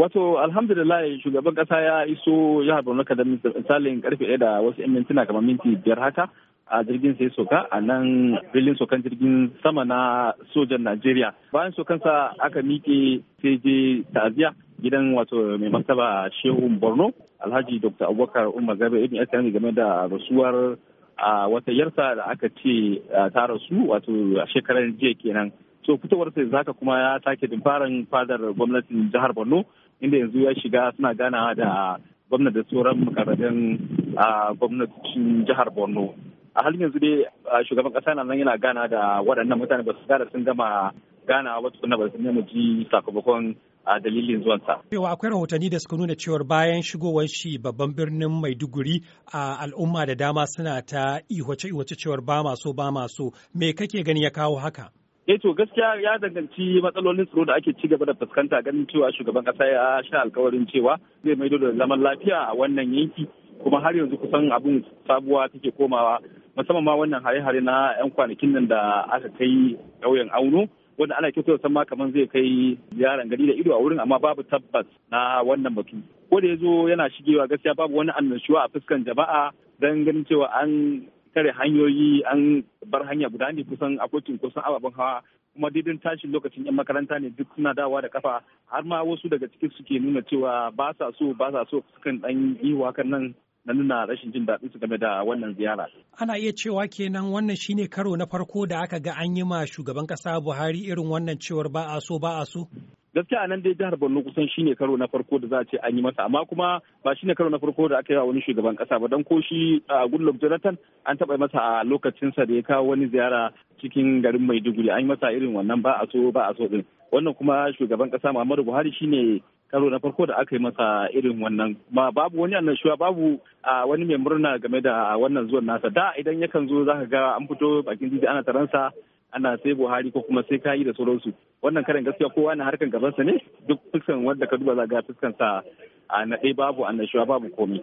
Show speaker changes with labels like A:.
A: Wato alhamdulillah shugaban kasa ya iso jihar Borno kada misalin karfe ɗaya da wasu 'yan mintuna kamar minti biyar haka a jirgin sai soka a nan filin sokan jirgin sama na sojan Najeriya. Bayan sokansa aka miƙe sai je ta'aziya gidan wato mai martaba Shehu Borno Alhaji Dr. Abubakar Umar Gabe Ibn Asani game da rasuwar a wata yarsa da aka ce ta rasu wato a shekarar jiya kenan. to fitowar sai zaka kuma ya sake dimfaran fadar gwamnatin jihar borno inda yanzu ya shiga suna gana da gwamna da sauran a gwamnatin jihar borno a halin yanzu dai shugaban kasa na nan yana gana da waɗannan mutane ba su gana sun gama gana wata kuna ba su nemi sakamakon a dalilin zuwansa.
B: Cewa akwai rahotanni da suka nuna cewar bayan shigowar shi babban birnin Maiduguri a al'umma da dama suna ta iwace iwace cewar ba maso ba maso me kake gani ya kawo haka?
A: eh to gaskiya ya danganci matsalolin tsaro da ake ci gaba da fuskanta ganin cewa shugaban kasa ya sha alkawarin cewa zai maido da zaman lafiya a wannan yanki kuma har yanzu kusan abin sabuwa take komawa musamman ma wannan hare-hare na 'yan kwanakin nan da aka kai ƙauyen auno wanda ana kyautar san ma kamar zai kai yaran gari da ido a wurin amma babu tabbas na wannan batu ko da ya zo yana shigewa gaskiya babu wani annashuwa a fuskan jama'a don ganin cewa an kare hanyoyi an babbar hanya guda ne kusan akwai cunkoson ababen hawa kuma daidai tashin lokacin yan makaranta ne duk suna dawa da kafa har ma wasu daga cikin suke nuna cewa ba sa so ba sa so sukan dan yi wakan nan na nuna rashin jin daɗin su game da wannan ziyara.
B: Ana iya cewa kenan wannan shine karo na farko da aka ga an yi ma shugaban kasa Buhari irin wannan cewar ba a so ba a so.
A: gaskiya anan dai jihar borno kusan shine karo na farko da za a ce an yi masa amma kuma ba shine karo na farko da aka yi wa wani shugaban kasa ba don ko shi a goodluck jonathan an taba masa a lokacin sa da ya kawo wani ziyara cikin garin maiduguri an yi masa irin wannan ba a so ba a so din wannan kuma shugaban kasa muhammadu buhari shine karo na farko da aka yi masa irin wannan ma babu wani annashuwa babu a wani mai murna game da wannan zuwan nasa da idan yakan zo zaka ga an fito bakin titi ana taransa ana sai buhari ko kuma sai kayi da sauransu wannan karin gaskiya kowa na harkan gabansa ne duk fuskan wanda ka duba za ga fuskan sa a naɗe babu annashuwa babu komai